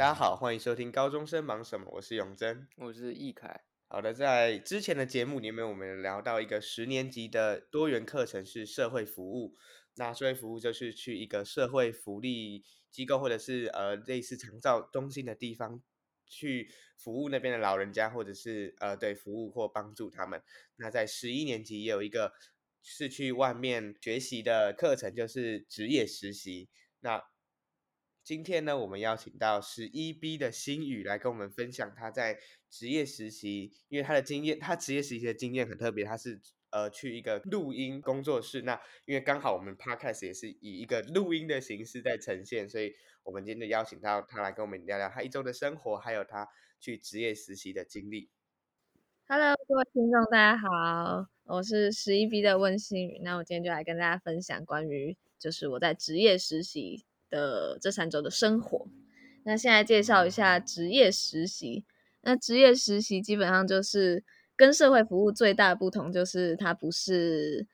大家好，歡迎收聽《高中生忙什麼》，我是永真，我是易凱。好的，在之前的節目裡面，我們聊到一個十年級的多元課程是社會服務。那社會服務就是去一個社會福利機構或者是呃類似長照中心的地方，去服務那邊的老人家或者是呃對服務或幫助他們。那在十一年級也有一個是去外面學習的課程，就是職業實習。那今天呢，我們邀請到十一 B 的心妤來跟我們分享他在職業實習，因為他的經驗，他職業實習的經驗很特別，他是呃去一個錄音工作室。那因為剛好我們 Podcast 也是以一個錄音的形式在呈現，所以我們今天就邀請到他來跟我們聊聊他一周的生活，還有他去職業實習的經歷。Hello，各位聽眾，大家好，我是十一 B 的溫心妤。那我今天就來跟大家分享關於就是我在職業實習。的這三周的生活，那現在介紹一下職業實習。那職業實習基本上就是跟社會服務最大的不同，就是它不是，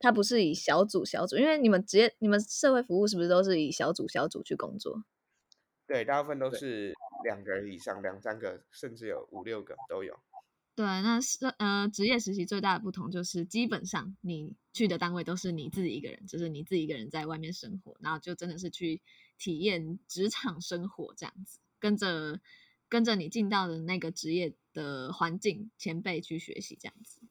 它不是以小組小組，因為你們職業，你們社會服務是不是都是以小組小組去工作？對，大部分都是兩個人以上，對兩三個，甚至有五六個都有。對，那是呃，職業實習最大的不同就是，基本上你去的單位都是你自己一個人，就是你自己一個人在外面生活，然後就真的是去體驗職場生活這樣子，跟着跟着你進到的那個職業的環境，前輩去學習這樣子。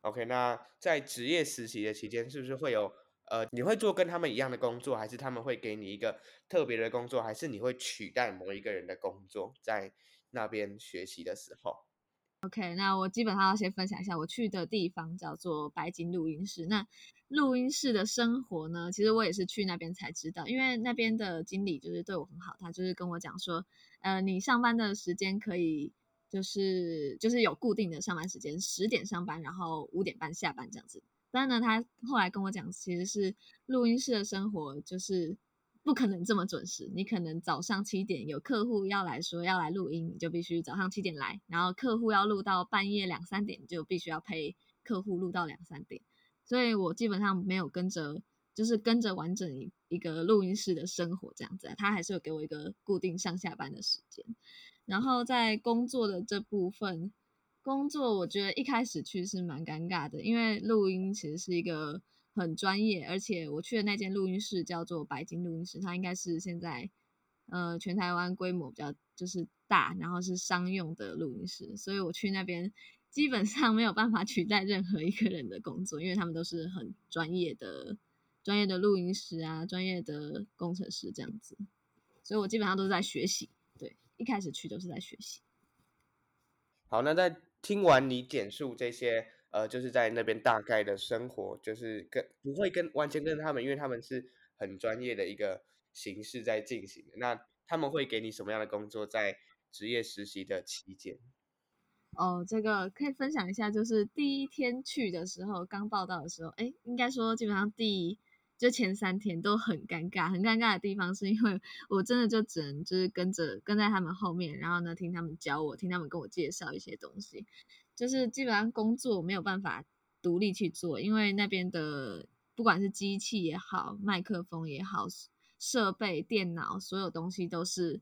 OK，那在職業實習的期間，是不是會有呃，你會做跟他們一樣的工作，還是他們會給你一個特別的工作，還是你會取代某一個人的工作，在那邊學習的時候？OK，那我基本上要先分享一下，我去的地方叫做白金錄音室。那錄音室的生活呢，其實我也是去那邊才知道，因為那邊的經理就是對我很好，他就是跟我講說，呃，你上班的時間可以就是就是有固定的上班時間，十點上班，然後五點半下班這樣子。但呢，他後來跟我講，其實是錄音室的生活就是。不可能這麼準時，你可能早上七點有客戶要來說要來錄音，你就必須早上七點來。然後客戶要錄到半夜兩三點，你就必須要陪客戶錄到兩三點。所以我基本上沒有跟着，就是跟着完整一一個錄音師的生活這樣子。他還是有給我一個固定上下班的時間。然後在工作的這部分，工作我覺得一開始去是蠻尷尬的，因為錄音其實是一個。很專業，而且我去的那間錄音室叫做白金錄音室，它應該是現在，呃，全台灣規模比較就是大，然後是商用的錄音室，所以我去那邊基本上沒有辦法取代任何一個人的工作，因為他們都是很專業的、專業的錄音師啊，專業的工程師這樣子，所以我基本上都是在學習，對，一開始去都是在學習。好，那在聽完你簡述這些。呃，就是在那邊大概的生活，就是跟不會跟完全跟他們，因為他們是很專業的一個形式在進行的。那他們會給你什麼樣的工作？在職業實習的期間？哦，這個可以分享一下，就是第一天去的時候，剛報到的時候，哎，應該說基本上第就前三天都很尷尬。很尷尬的地方是因為我真的就只能就是跟着跟在他們後面，然後呢聽他們教我，聽他們跟我介紹一些東西。就是基本上工作沒有辦法獨立去做，因為那邊的不管是機器也好，麥克風也好，設備、電腦，所有東西都是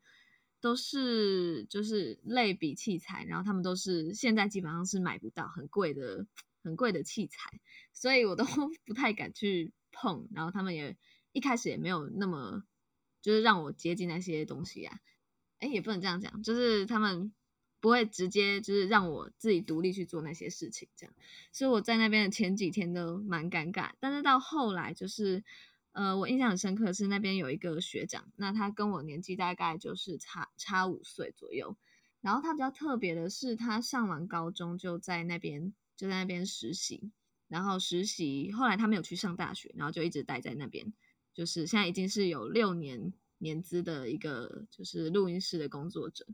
都是就是類比器材，然後他們都是現在基本上是買不到很貴的很貴的器材，所以我都不太敢去碰，然後他們也一開始也沒有那麼就是讓我接近那些東西呀、啊，哎、欸、也不能這樣講，就是他們。不會直接就是讓我自己獨立去做那些事情，這樣，所以我在那邊的前幾天都蠻尷尬，但是到後來就是，呃，我印象很深刻的是那邊有一個學長，那他跟我年紀大概就是差差五歲左右，然後他比較特別的是，他上完高中就在那邊就在那邊實習，然後實習後來他沒有去上大學，然後就一直待在那邊，就是現在已經是有六年年資的一個就是錄音室的工作者。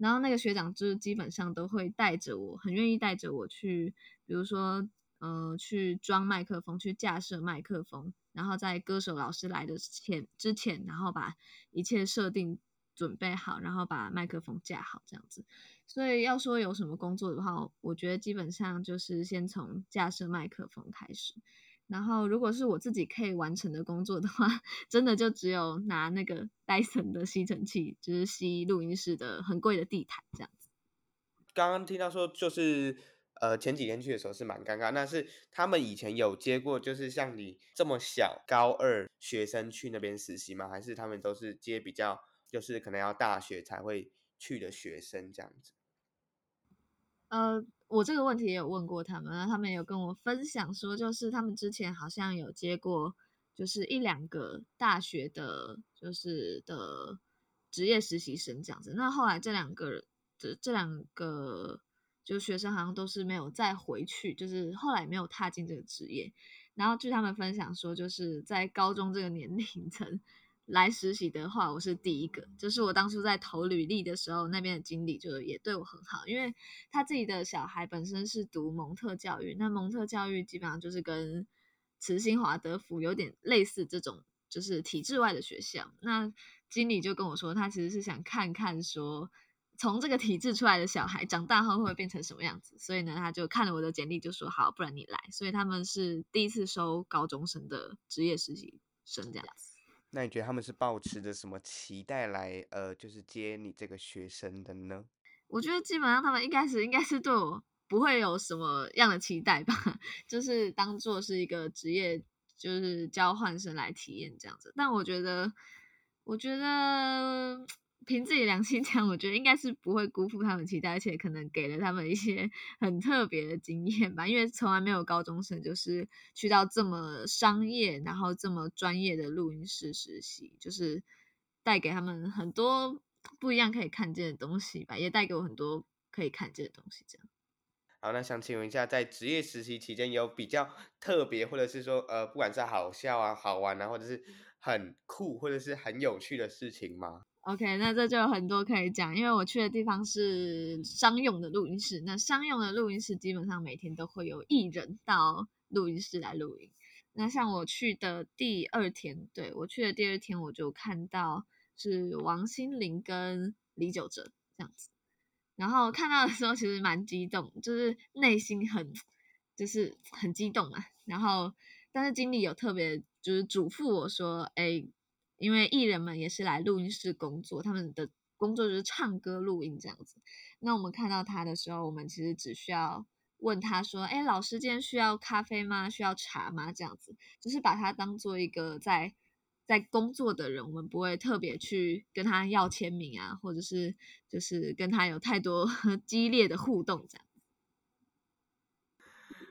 然後那個學長就基本上都會帶着我，很願意帶着我去，比如說，呃，去裝麥克風，去架設麥克風，然後在歌手老師來的前之前，然後把一切設定準備好，然後把麥克風架好這樣子。所以要說有什麼工作的話，我覺得基本上就是先從架設麥克風開始。然後，如果是我自己可以完成的工作的話，真的就只有拿那個戴森的吸塵器，就是吸錄音室的很貴的地毯這樣子。剛剛聽到說，就是呃前幾天去的時候是蠻尷尬，那是他們以前有接過，就是像你這麼小高二學生去那邊實習嗎？還是他們都是接比較就是可能要大學才會去的學生這樣子？呃。我這個問題也有問過他們，然後他們也有跟我分享說，就是他們之前好像有接過，就是一兩個大學的，就是的職業實習生這樣子。那後來這兩個這這兩個就學生好像都是沒有再回去，就是後來沒有踏進這個職業。然後據他們分享說，就是在高中這個年齡層，來實習的話，我是第一個。就是我當初在投履歷的時候，那邊的經理就也對我很好，因為他自己的小孩本身是讀蒙特教育，那蒙特教育基本上就是跟慈心華德福有點類似，這種就是體制外的學校。那經理就跟我說，他其實是想看看說，從這個體制出來的小孩長大後會不會變成什麼樣子。所以呢，他就看了我的簡歷，就說好，不然你來。所以他們是第一次收高中生的職業實習生，這樣子。那你覺得他們是抱持着什麼期待來，呃，就是接你這個學生的呢？我覺得基本上他們一開始應該是對我不會有什麼樣的期待吧，就是當做是一個職業，就是交換生來體驗這樣子。但我覺得，我覺得。憑自己良心講，我覺得應該是不會辜負他們期待，而且可能給了他們一些很特別的經驗吧。因為從來沒有高中生就是去到這麼商業，然後這麼專業的錄音室實習，就是帶給他們很多不一樣可以看見的東西吧，也帶給我很多可以看見的東西。這樣。好，那想請問一下，在職業實習期間有比較特別，或者是說呃，不管是好笑啊、好玩啊，或者是。很酷或者是很有趣的事情嗎？OK，那這就有很多可以講，因為我去的地方是商用的錄音室。那商用的錄音室基本上每天都會有藝人到錄音室來錄音。那像我去的第二天，對，我去的第二天，我就看到是王心凌跟李玖哲這樣子。然後看到的時候其實蠻激動，就是內心很就是很激動啊。然後但是經理有特別。就是囑咐我說：“哎，因為藝人們也是來錄音室工作，他們的工作就是唱歌錄音這樣子。那我們看到他的時候，我們其實只需要問他說：‘哎，老師今天需要咖啡嗎？需要茶嗎？’這樣子，就是把他當做一個在在工作的人，我們不會特別去跟他要簽名啊，或者是就是跟他有太多激烈的互動。這樣子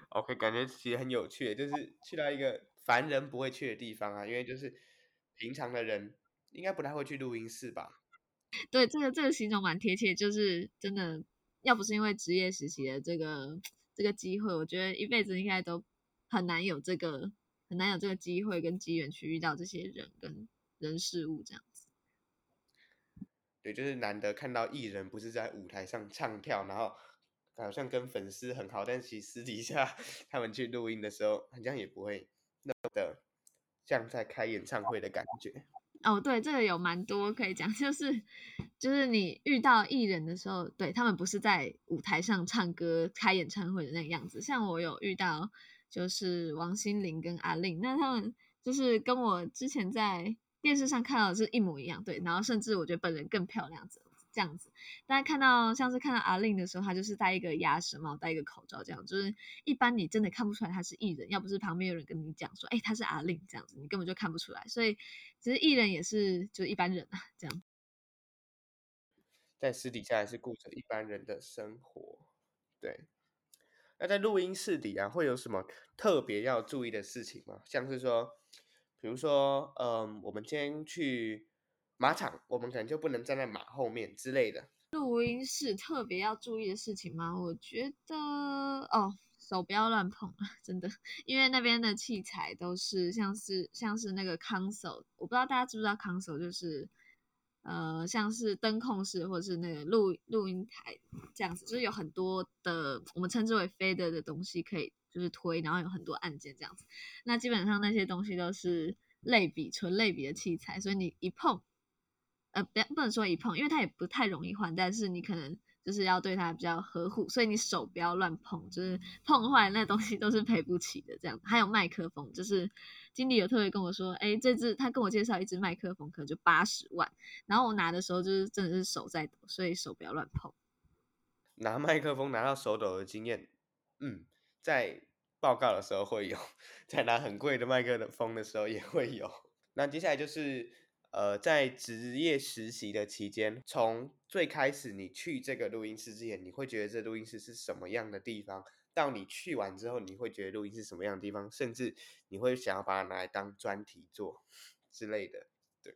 ，OK，感覺其實很有趣，就是去到一個。”凡人不會去的地方啊，因為就是平常的人應該不太會去錄音室吧？對，這個這個形容蠻貼切，就是真的要不是因為職業實習的這個這個機會，我覺得一輩子應該都很難有這個很難有這個機會跟機緣去遇到這些人跟人事物這樣子。對，就是難得看到藝人不是在舞台上唱跳，然後好像跟粉絲很好，但其實私底下他們去錄音的時候好像也不會。的像在開演唱會的感覺哦，oh, 對，這個有蠻多可以講，就是就是你遇到藝人的時候，對他們不是在舞台上唱歌開演唱會的那個樣子，像我有遇到就是王心凌跟阿令，那他們就是跟我之前在電視上看到的是一模一樣，對，然後甚至我覺得本人更漂亮這樣子，大家看到像是看到阿令的時候，他就是戴一個鴨舌帽，戴一個口罩，這樣就是一般你真的看不出來他是藝人，要不是旁邊有人跟你講說，哎、欸，他是阿令，這樣子你根本就看不出來。所以其實藝人也是就一般人啊，這樣子。在私底下也是過着一般人的生活，對。那在錄音室裡啊，會有什麼特別要注意的事情嗎？像是說，比如說，嗯，我們今天去。馬場，我們可能就不能站在馬後面之類的。錄音室特別要注意的事情嗎？我覺得哦，手不要亂碰，真的，因為那邊的器材都是像是像是那個 console，我不知道大家知不知道 console，就是呃像是燈控室或者是那個錄錄音台這樣子，就是有很多的我們稱之為 fader 的東西可以就是推，然後有很多按鍵這樣子。那基本上那些東西都是類比純類比的器材，所以你一碰。呃，不，不能說一碰，因為它也不太容易換。但是你可能就是要對它比較呵護，所以你手不要亂碰，就是碰壞那東西都是賠不起的這樣。還有麥克風，就是經理有特別跟我說，哎，這支他跟我介紹一支麥克風，可能就八十萬，然後我拿的時候就是真的是手在抖，所以手不要亂碰。拿麥克風拿到手抖的經驗，嗯，在報告的時候會有，在拿很貴的麥克風的時候也會有。那接下來就是。呃，在職業實習的期間，從最開始你去這個錄音室之前，你會覺得這錄音室是什麼樣的地方？到你去完之後，你會覺得錄音室是什麼樣的地方？甚至你會想要把它拿來當專題做之類的。對，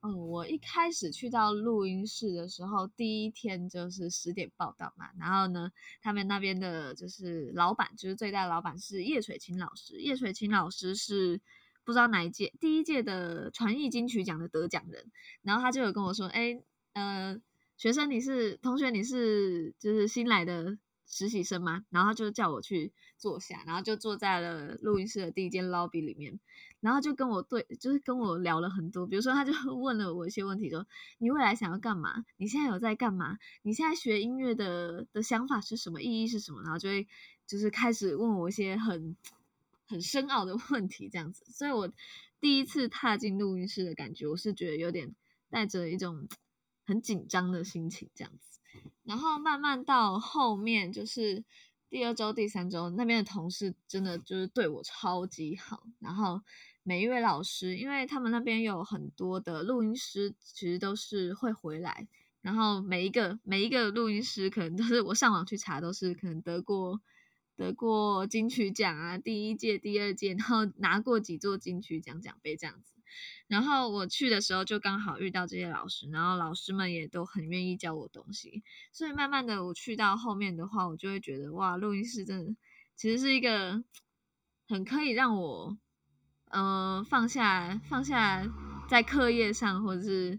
嗯，我一開始去到錄音室的時候，第一天就是十點報到嘛，然後呢，他們那邊的就是老闆，就是最大的老闆是葉水清老師，葉水清老師是。不知道哪一屆第一屆的傳藝金曲獎的得獎人，然後他就有跟我說：“欸，呃，學生你是同學你是就是新來的實習生嗎？”然後他就叫我去坐下，然後就坐在了錄音室的第一間 lobby 裡面，然後就跟我對就是跟我聊了很多，比如說他就問了我一些問題說你未來想要幹嘛？你現在有在幹嘛？你現在學音樂的的想法是什麼？意義是什麼？然後就會就是開始問我一些很。很深奧的問題，這樣子，所以我第一次踏進錄音室的感覺，我是覺得有點帶着一種很緊張的心情，這樣子。然後慢慢到後面，就是第二周、第三周，那邊的同事真的就是對我超級好。然後每一位老師，因為他們那邊有很多的錄音師，其實都是會回來。然後每一個每一個錄音師，可能都是我上網去查，都是可能得過。得過金曲獎啊，第一屆、第二屆，然後拿過幾座金曲獎獎杯這樣子。然後我去的時候就剛好遇到這些老師，然後老師們也都很願意教我東西。所以慢慢的，我去到後面的話，我就會覺得哇，錄音室真的其實是一個很可以讓我，呃，放下放下在課業上或者是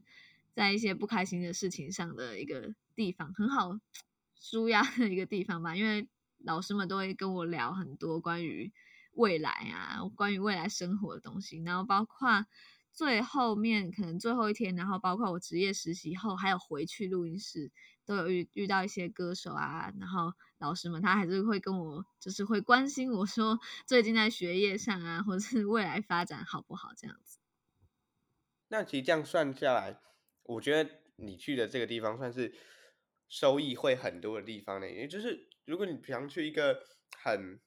在一些不開心的事情上的一個地方，很好舒壓的一個地方吧，因為。老師們都會跟我聊很多關於未來啊，關於未來生活的東西，然後包括最後面可能最後一天，然後包括我職業實習後，還有回去錄音室，都有遇遇到一些歌手啊，然後老師們他還是會跟我，就是會關心我說最近在學業上啊，或者是未來發展好不好這樣子。那其實這樣算下來，我覺得你去的這個地方算是收益會很多的地方呢，因為就是。如果你平常去一個很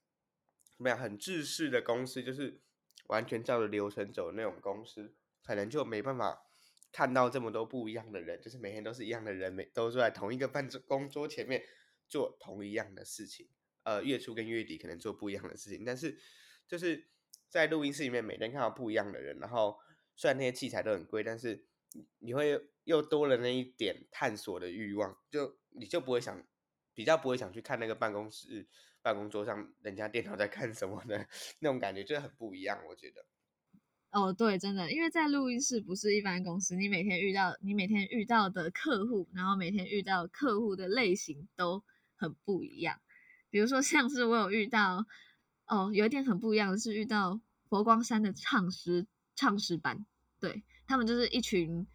沒有，很制式的公司，就是完全照着流程走的那種公司，可能就沒辦法看到這麼多不一樣的人，就是每天都是一樣的人，每都坐在同一個辦公桌前面做同一樣的事情，呃，月初跟月底可能做不一樣的事情，但是就是在錄音室裡面每天看到不一樣的人，然後雖然那些器材都很貴，但是你會又多了那一點探索的慾望，就你就不會想。比較不會想去看那個辦公室、辦公桌上人家電腦在看什麼的，那種感覺就很不一樣。我覺得，哦，對，真的，因為在錄音室不是一般公司，你每天遇到你每天遇到的客戶，然後每天遇到客戶的類型都很不一樣。比如說，像是我有遇到，哦，有一點很不一樣的是遇到佛光山的唱詩唱詩班，對他們就是一群，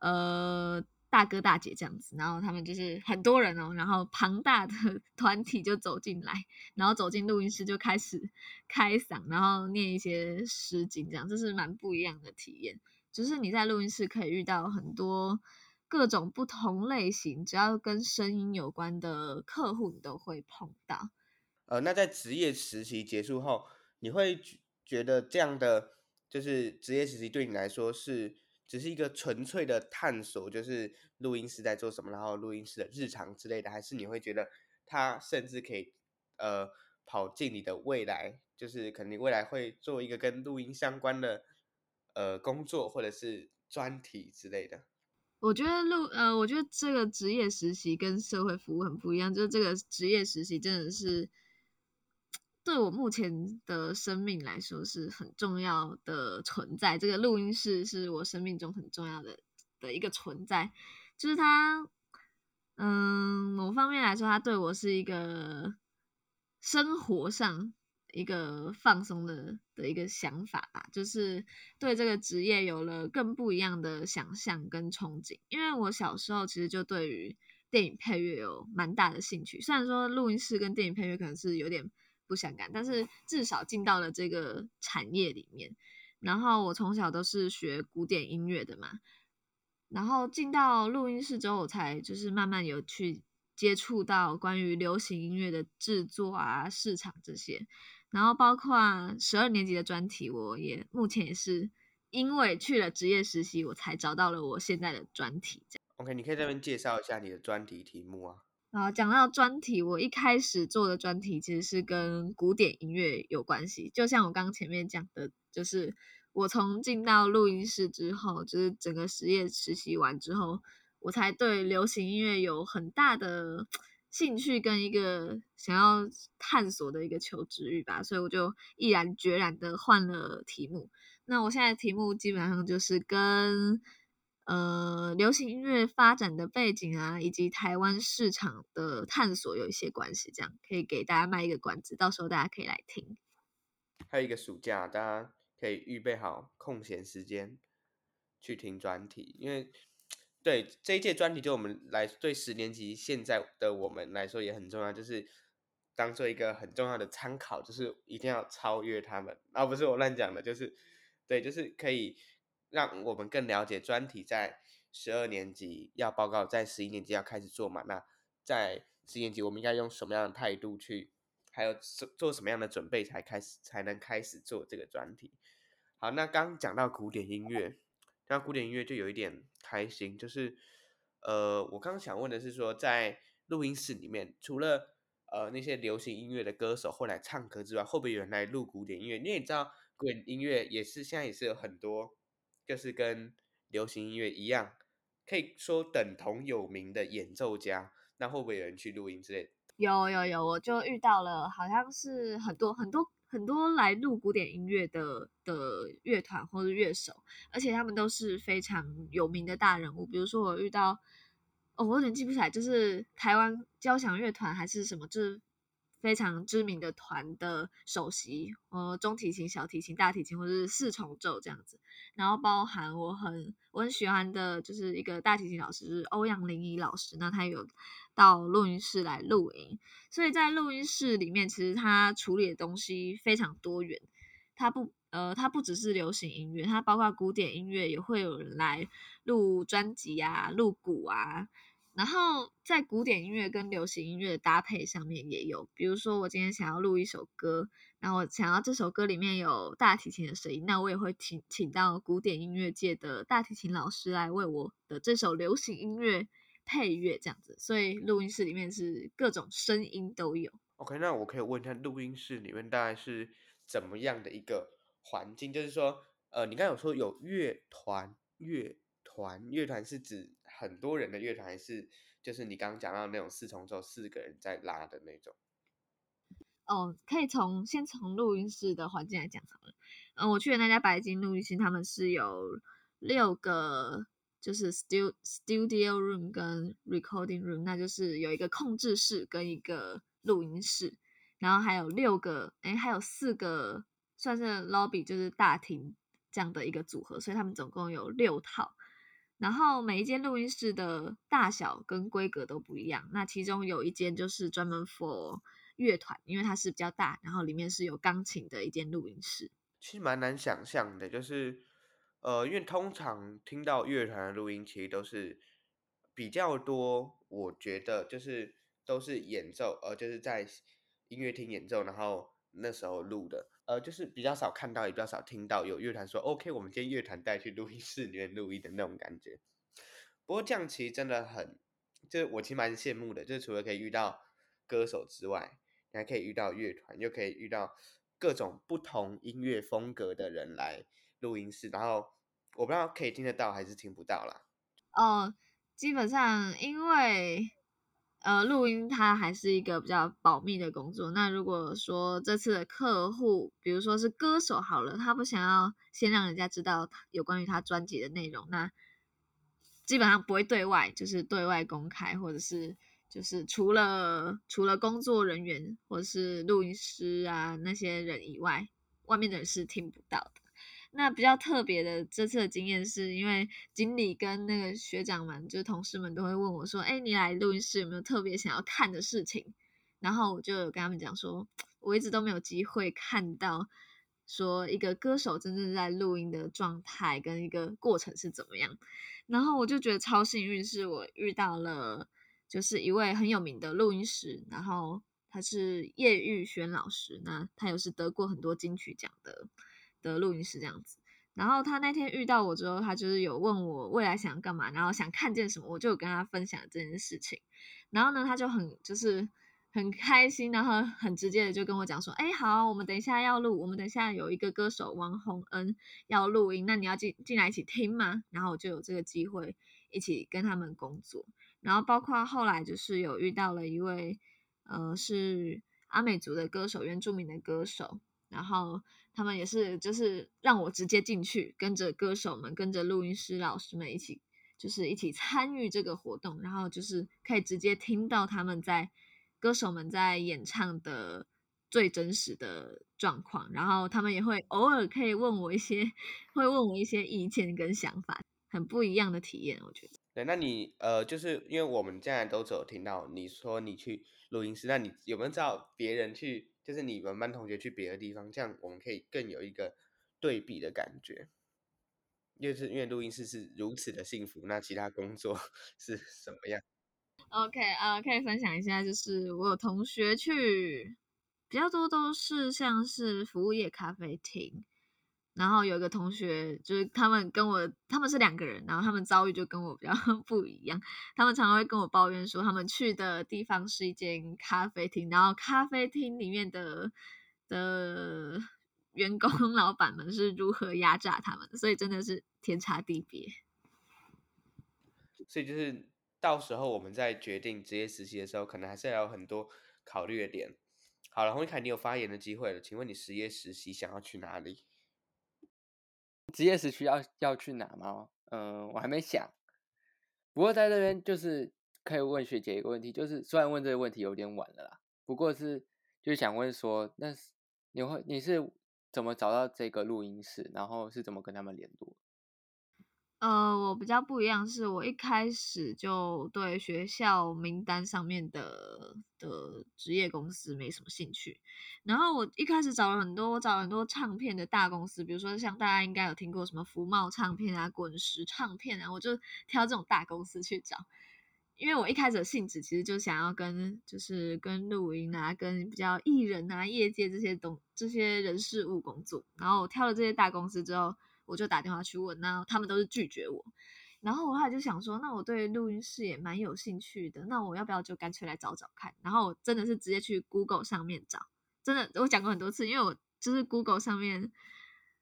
呃。大哥大姐，這樣子，然後他們就是很多人哦，然後龐大的團體就走進來，然後走進錄音室就開始開嗓，然後念一些詩經這樣，這是蠻不一樣的體驗。就是你在錄音室可以遇到很多各種不同類型，只要跟聲音有關的客戶你都會碰到。呃，那在職業實習結束後，你會覺得這樣的，就是職業實習對你來說是？只是一個純粹的探索，就是錄音師在做什麼，然後錄音師的日常之類的，還是你會覺得他甚至可以呃跑進你的未來，就是肯定未來會做一個跟錄音相關的呃工作或者是專題之類的。我覺得錄呃，我覺得這個職業實習跟社會服務很不一樣，就是這個職業實習真的是。對我目前的生命來說是很重要的存在，這個錄音室是我生命中很重要的的一個存在，就是他嗯，某方面來說，他對我是一個生活上一個放鬆的的一個想法吧，就是對這個職業有了更不一樣的想象跟憧憬。因為我小時候其實就對於電影配樂有蠻大的興趣，雖然說錄音室跟電影配樂可能是有點。不相干，但是至少進到了這個產業裡面。然後我從小都是學古典音樂的嘛，然後進到錄音室之後，我才就是慢慢有去接觸到關於流行音樂的制作啊、市場這些。然後包括十二年級的專題，我也目前也是因為去了職業實習，我才找到了我現在的專題。OK，你可以這邊介紹一下你的專題題目啊？啊，講到專題，我一開始做的專題其實是跟古典音樂有關係，就像我剛剛前面講的，就是我從進到錄音室之後，就是整個實驗實習完之後，我才對流行音樂有很大的興趣跟一個想要探索的一個求知欲吧，所以我就毅然決然的換了題目。那我現在的題目基本上就是跟，呃，流行音樂發展的背景啊，以及台灣市場的探索，有一些關係，這樣可以給大家賣一個關子，到時候大家可以來聽。還有一個暑假，大家可以預備好空閒時間去聽專題，因為對這一屆專題，對我們來對十年級現在的我們來說也很重要，就是當做一個很重要的參考，就是一定要超越他們。啊，不是我亂講的，就是對，就是可以。讓我們更了解專題，在十二年級要報告，在十一年級要開始做嘛？那在十一年級，我們應該用什麼樣的態度去，還有做做什麼樣的準備才開始，才能開始做這個專題？好，那剛剛講到古典音樂，那古典音樂就有一點開心，就是呃，我剛想問的是說，在錄音室裡面，除了呃那些流行音樂的歌手會來唱歌之外，會不會有人來錄古典音樂？因為你知道古典音樂也是現在也是有很多。就是跟流行音樂一樣，可以說等同有名的演奏家，那會不會有人去錄音之類的？有有有，我就遇到了，好像是很多很多很多來錄古典音樂的的樂團或者樂手，而且他們都是非常有名的大人物。比如說我遇到，哦，我有點記不起來，就是台灣交響樂團還是什麼，就是。非常知名的團的首席，呃，中提琴、小提琴、大提琴，或者是四重奏這樣子。然後包含我很我很喜歡的，就是一個大提琴老師，就是歐陽林怡老師，那他有到錄音室來錄音。所以在錄音室裡面，其實他處理的東西非常多元。他不，呃，他不只是流行音樂，他包括古典音樂也會有人來錄專輯啊，錄鼓啊。然後在古典音樂跟流行音樂的搭配上面也有，比如說我今天想要錄一首歌，然後我想要這首歌裡面有大提琴的聲音，那我也會請請到古典音樂界的大提琴老師來為我的這首流行音樂配樂，這樣子，所以錄音室裡面是各種聲音都有。OK，那我可以問一下，錄音室裡面大概是怎麼樣的一個環境？就是說，呃，你剛才有說有樂團，樂團，樂團是指？很多人的樂團還是就是你剛剛講到那種四重奏，四個人在拉的那種。哦，可以從先從錄音室的環境來講好了。嗯，我去的那家白金錄音室，他們是有六個，就是 studio studio room 跟 recording room，那就是有一個控制室跟一個錄音室，然後還有六個，誒、哎，還有四個算是 lobby，就是大廳這樣的一個組合，所以他們總共有六套。然後每一間錄音室的大小跟規格都不一樣。那其中有一間就是專門 for 樂團，因為它是比較大，然後裡面是有鋼琴的一間錄音室。其實蠻難想象的，就是呃，因為通常聽到樂團的錄音，其實都是比較多。我覺得就是都是演奏，呃，就是在音樂廳演奏，然後那時候錄的。呃，就是比較少看到，也比較少聽到有樂團說 “OK，我們今天樂團帶去錄音室裡面錄音的那種感覺”。不過這樣其實真的很，就是我其實蠻羨慕的，就是除了可以遇到歌手之外，你還可以遇到樂團，又可以遇到各種不同音樂風格的人來錄音室。然後我不知道可以聽得到還是聽不到啦。嗯、哦，基本上因為。呃，錄音它還是一個比較保密的工作。那如果說這次的客戶，比如說是歌手好了，他不想要先讓人家知道有關於他專輯的內容，那基本上不會對外，就是對外公開，或者是就是除了除了工作人員或者是錄音師啊那些人以外，外面的人是聽不到的。那比較特別的這次的經驗，是因為經理跟那個學長們，就是同事們都會問我說：“哎、欸，你來錄音室有沒有特別想要看的事情？”然後我就有跟他們講說，我一直都沒有機會看到，說一個歌手真正在錄音的狀態跟一個過程是怎麼樣。然後我就覺得超幸運，是我遇到了，就是一位很有名的錄音師，然後他是葉玉軒老師，那他也是得過很多金曲獎的。的錄音室這樣子，然後他那天遇到我之後，他就是有問我未來想幹嘛，然後想看見什麼，我就有跟他分享這件事情。然後呢，他就很就是很開心，然後很直接的就跟我講說：“哎，好，我們等一下要錄，我們等一下有一個歌手王洪恩要錄音，那你要進進來一起聽嗎？”然後我就有這個機會一起跟他們工作。然後包括後來就是有遇到了一位呃是阿美族的歌手，原住民的歌手，然後。他們也是，就是讓我直接進去，跟着歌手們，跟着錄音師老師們一起，就是一起參與這個活動，然後就是可以直接聽到他們在歌手們在演唱的最真實的狀況，然後他們也會偶爾可以問我一些，會問我一些意見跟想法，很不一樣的體驗，我覺得。對，那你呃，就是因為我們現在都只有聽到你說你去。錄音室，那你有沒有知道別人去，就是你們班同學去別的地方，這樣我們可以更有一個對比的感覺，就是、因為是，因為錄音室是如此的幸福，那其他工作是什麼樣？OK 啊，uh，可以分享一下，就是我有同學去比較多都是像是服務業咖啡廳。然後有一個同學，就是他們跟我，他們是兩個人，然後他們遭遇就跟我比較不一樣。他們常常會跟我抱怨說，他們去的地方是一間咖啡廳，然後咖啡廳裡面的的員工老闆們是如何壓榨他們，所以真的是天差地別。所以就是到時候我們在決定職業實習的時候，可能還是要有很多考慮的點。好了，洪一凱，你有發言的機會了，請問你職業實習想要去哪裡？職業實習要要去哪嗎？嗯、呃，我還沒想。不過在這邊，就是可以問學姐一個問題，就是雖然問這個問題有點晚了啦，不過是就想問說，那是，你會你是怎麼找到這個錄音室，然後是怎麼跟他們聯絡？呃，我比較不一樣，是我一開始就對學校名單上面的的職業公司沒什麼興趣。然後我一開始找了很多，我找了很多唱片的大公司，比如說像大家應該有聽過什麼福茂唱片啊、滾石唱片啊，我就挑這種大公司去找。因為我一開始的性質其實就想要跟就是跟錄音啊、跟比較藝人啊、業界這些東這些人事物工作。然後我挑了這些大公司之後。我就打電話去問，那他們都是拒絕我。然後我後來就想說，那我對錄音室也蠻有興趣的，那我要不要就乾脆來找找看？然後我真的是直接去 Google 上面找，真的我講過很多次，因為我就是 Google 上面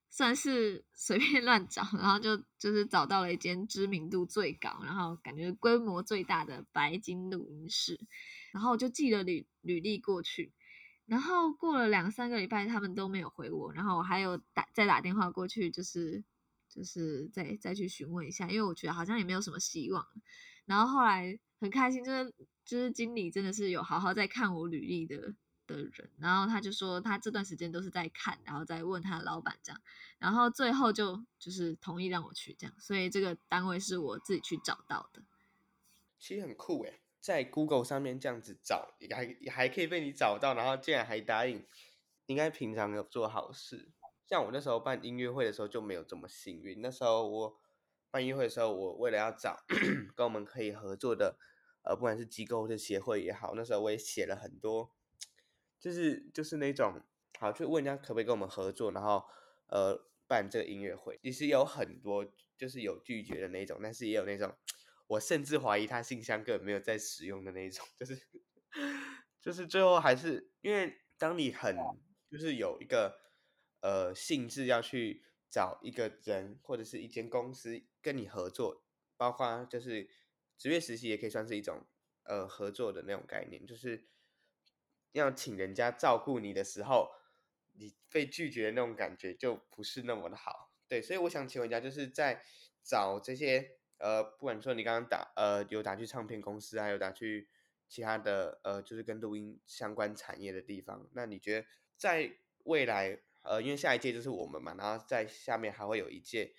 算是隨便亂找，然後就就是找到了一間知名度最高，然後感覺規模最大的白金錄音室，然後我就寄了履履歷過去。然後過了兩三個禮拜，他們都沒有回我。然後我還有打再打電話過去、就是，就是就是再再去詢問一下，因為我覺得好像也沒有什麼希望。然後後來很開心，就是就是經理真的是有好好在看我履歷的的人。然後他就說他這段時間都是在看，然後再問他的老闆這樣。然後最後就就是同意讓我去這樣。所以這個單位是我自己去找到的，其實很酷誒、欸。在 Google 上面這樣子找，也還還可以被你找到，然後竟然還答應，應該平常有做好事。像我那時候辦音樂會的時候就沒有這麼幸運，那時候我辦音樂會的時候，我為了要找 跟我們可以合作的，呃，不管是機構或者協會也好，那時候我也寫了很多，就是就是那種，好去問人家可不可以跟我們合作，然後呃辦這個音樂會。其實有很多就是有拒絕的那種，但是也有那種。我甚至懷疑他信箱根本沒有在使用的那一種，就是，就是最後還是因為當你很就是有一個呃性質要去找一個人或者是一間公司跟你合作，包括就是職業實習也可以算是一種呃合作的那種概念，就是要請人家照顧你的時候，你被拒絕的那種感覺就不是那麼的好，對，所以我想請問一下，就是在找這些。呃，不管說你剛剛打呃，有打去唱片公司，還有打去其他的呃，就是跟錄音相關產業的地方。那你覺得在未來，呃，因為下一屆就是我們嘛，然後在下面還會有一屆，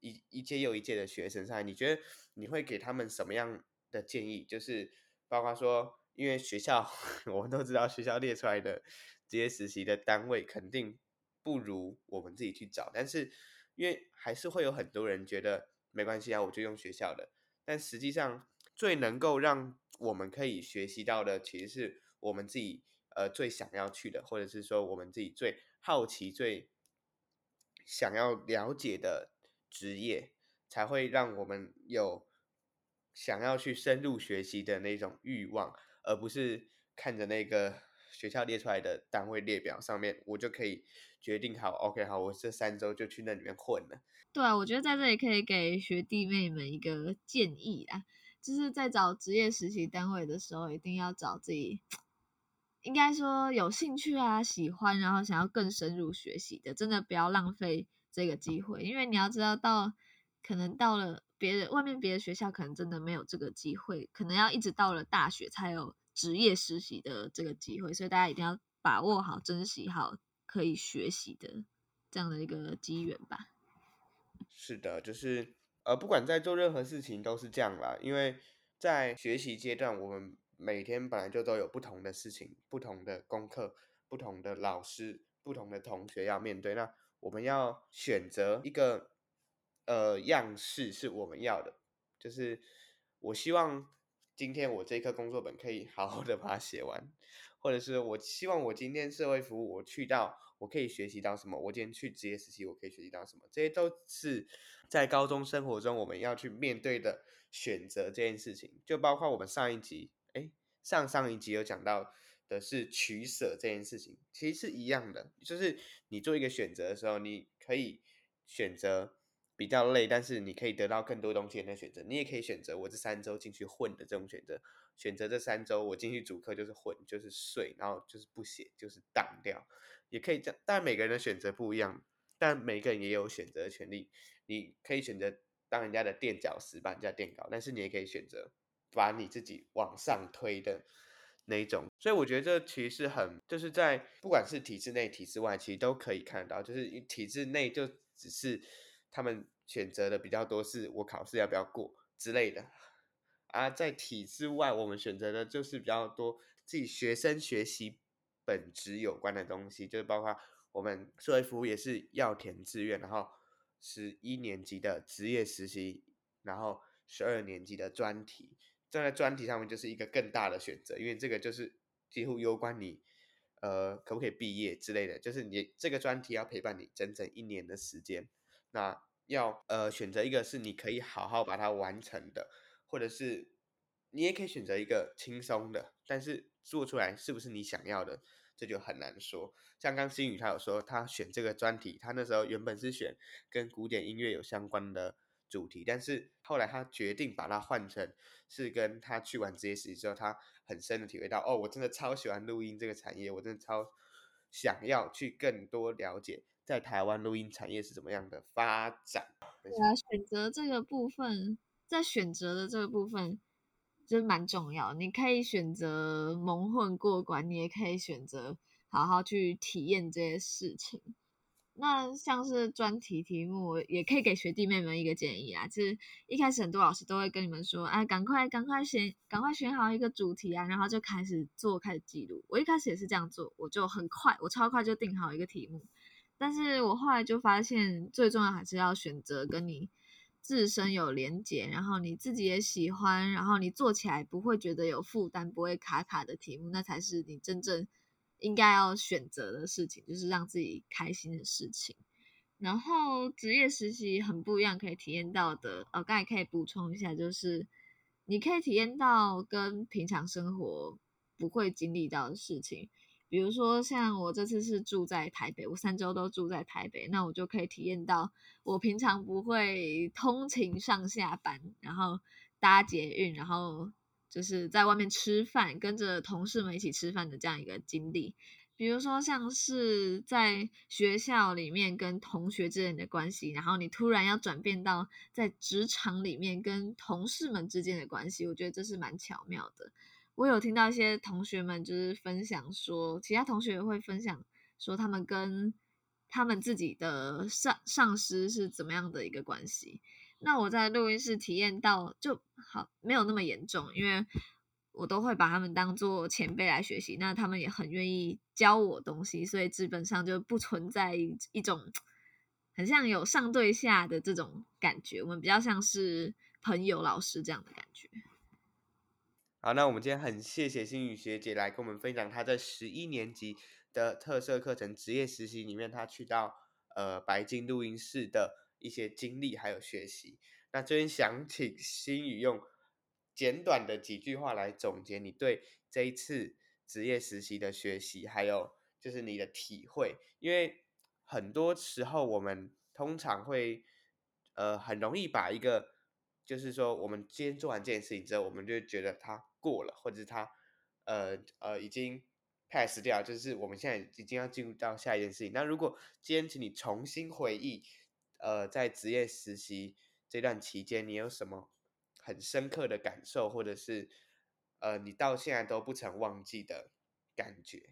一一屆又一屆的學生上來。你覺得你會給他們什麼樣的建議？就是包括說，因為學校 我們都知道，學校列出來的這些實習的單位肯定不如我們自己去找。但是，因為還是會有很多人覺得。沒關係啊，我就用學校的。但實際上，最能夠讓我們可以學習到的，其實是我們自己呃最想要去的，或者是說我們自己最好奇、最想要了解的職業，才會讓我們有想要去深入學習的那種慾望，而不是看着那個學校列出來的單位列表上面，我就可以。決定好，OK，好，我這三周就去那裡面混了。對啊，我覺得在這裡可以給學弟妹們一個建議啊，就是在找職業實習單位的時候，一定要找自己，應該說有興趣啊、喜歡，然後想要更深入學習的，真的不要浪費這個機會，因為你要知道到，到可能到了別人外面別的學校，可能真的沒有這個機會，可能要一直到了大學才有職業實習的這個機會，所以大家一定要把握好，珍惜好。可以學習的這樣的一個機緣吧，是的，就是呃，不管在做任何事情都是這樣啦。因為在學習階段，我們每天本來就都有不同的事情、不同的功課、不同的老師、不同的同學要面對。那我們要選擇一個呃樣式是我們要的，就是我希望今天我這課工作本可以好好的把它寫完。或者是我希望我今天社會服務，我去到我可以學習到什麼？我今天去職業實習，我可以學習到什麼？這些都是在高中生活中我們要去面對的選擇這件事情。就包括我們上一集，誒，上上一集有講到的是取舍這件事情，其實是一樣的，就是你做一個選擇的時候，你可以選擇。比較累，但是你可以得到更多東西的選擇，你也可以選擇我這三周進去混的這種選擇，選擇這三周我進去主課就是混就是睡，然後就是不寫就是當掉，也可以這樣。但每個人的選擇不一樣，但每個人也有選擇的權利。你可以選擇當人家的墊腳石，把人家墊高，但是你也可以選擇把你自己往上推的那一種。所以我覺得這其實很就是在不管是體制內、體制外，其實都可以看得到，就是體制內就只是。他們選擇的比較多是，我考試要不要過之類的啊。在體制外，我們選擇的就是比較多自己學生學習本職有關的東西，就是包括我們社會服務也是要填志願，然後十一年級的職業實習，然後十二年級的專題。站在專題上面，就是一個更大的選擇，因為這個就是幾乎攸關你呃可不可以畢業之類的，就是你這個專題要陪伴你整整一年的時間。那要呃，選擇一個是你可以好好把它完成的，或者是你也可以選擇一個輕鬆的，但是做出來是不是你想要的，這就很難說。像剛心妤他有說，他選這個專題，他那時候原本是選跟古典音樂有相關的主題，但是後來他決定把它換成是跟他去完職業實習之後，他很深的體會到，哦，我真的超喜歡錄音這個產業，我真的超想要去更多了解。在台灣錄音產業是怎麼樣的發展？對啊，選擇這個部分，在選擇的這個部分，真蠻重要。你可以選擇蒙混過關，你也可以選擇好好去體驗這些事情。那像是專題題目，也可以給學弟妹們一個建議啊，就是一開始很多老師都會跟你們說：“哎、啊，趕快趕快選，趕快選好一個主題啊！”然後就開始做，開始記錄。我一開始也是這樣做，我就很快，我超快就定好一個題目。但是我後來就發現，最重要還是要選擇跟你自身有連結，然後你自己也喜歡，然後你做起來不會覺得有負擔、不會卡卡的題目，那才是你真正應該要選擇的事情，就是讓自己開心的事情。然後職業實習很不一樣，可以體驗到的，哦，剛才可以補充一下，就是你可以體驗到跟平常生活不會經歷到的事情。比如說，像我這次是住在台北，我三周都住在台北，那我就可以體驗到我平常不會通勤上下班，然後搭捷運，然後就是在外面吃飯，跟着同事們一起吃飯的這樣一個經歷。比如說，像是在學校裡面跟同學之間的關係，然後你突然要轉變到在職場裡面跟同事們之間的關係，我覺得這是蠻巧妙的。我有聽到一些同學們就是分享說，其他同學也會分享說他們跟他們自己的上上司是怎麼樣的一個關係。那我在錄音室體驗到就好，沒有那麼嚴重，因為我都會把他們當做前輩來學習，那他們也很願意教我東西，所以基本上就不存在一種很像有上對下的這種感覺，我們比較像是朋友、老師這樣的感覺。好，那我們今天很謝謝心妤學姐來跟我們分享她在十一年級的特色課程職業實習裡面，她去到呃白金錄音室的一些經歷還有學習。那這邊想請心妤用簡短的幾句話來總結你對這一次職業實習的學習，還有就是你的體會，因為很多時候我們通常會呃很容易把一個。就是說，我們今天做完這件事情之後，我們就覺得它過了，或者是它，呃呃，已經 pass 掉，就是我們現在已經要進入到下一件事情。那如果今天，請你重新回憶，呃，在職業實習這段期間，你有什麼很深刻的感受，或者是呃，你到現在都不曾忘記的感覺？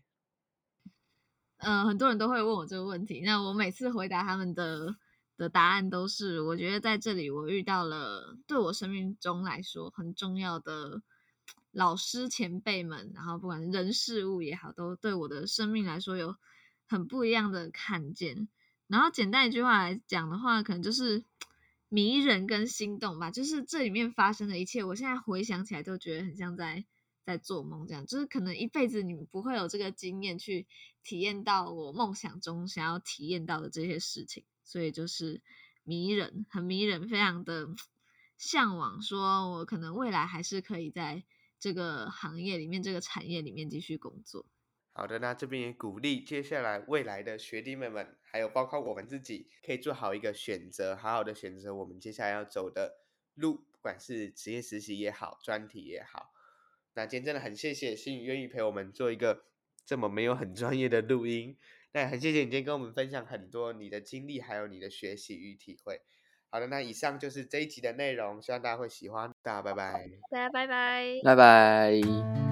嗯、呃，很多人都會問我這個問題，那我每次回答他們的。的答案都是，我覺得在這裡我遇到了對我生命中來說很重要的老師前輩們，然後不管人事物也好，都對我的生命來說有很不一樣的看見。然後簡單一句話來講的話，可能就是迷人跟心動吧。就是這裡面發生的一切，我現在回想起來都覺得很像在在做夢這樣。就是可能一輩子你們不會有這個經驗去體驗到我夢想中想要體驗到的這些事情。所以就是迷人，很迷人，非常的嚮往。說我可能未來還是可以在這個行業裡面、這個產業裡面繼續工作。好的，那這邊也鼓勵接下來未來的學弟妹們，還有包括我們自己，可以做好一個選擇，好好的選擇我們接下來要走的路，不管是職業實習也好，專題也好。那今天真的很謝謝心妤願意陪我們做一個這麼沒有很專業的錄音。那很謝謝你今天跟我們分享很多你的經歷，還有你的學習與體會。好的，那以上就是這一集的內容，希望大家會喜歡。大家拜拜，拜拜拜拜。拜拜拜拜。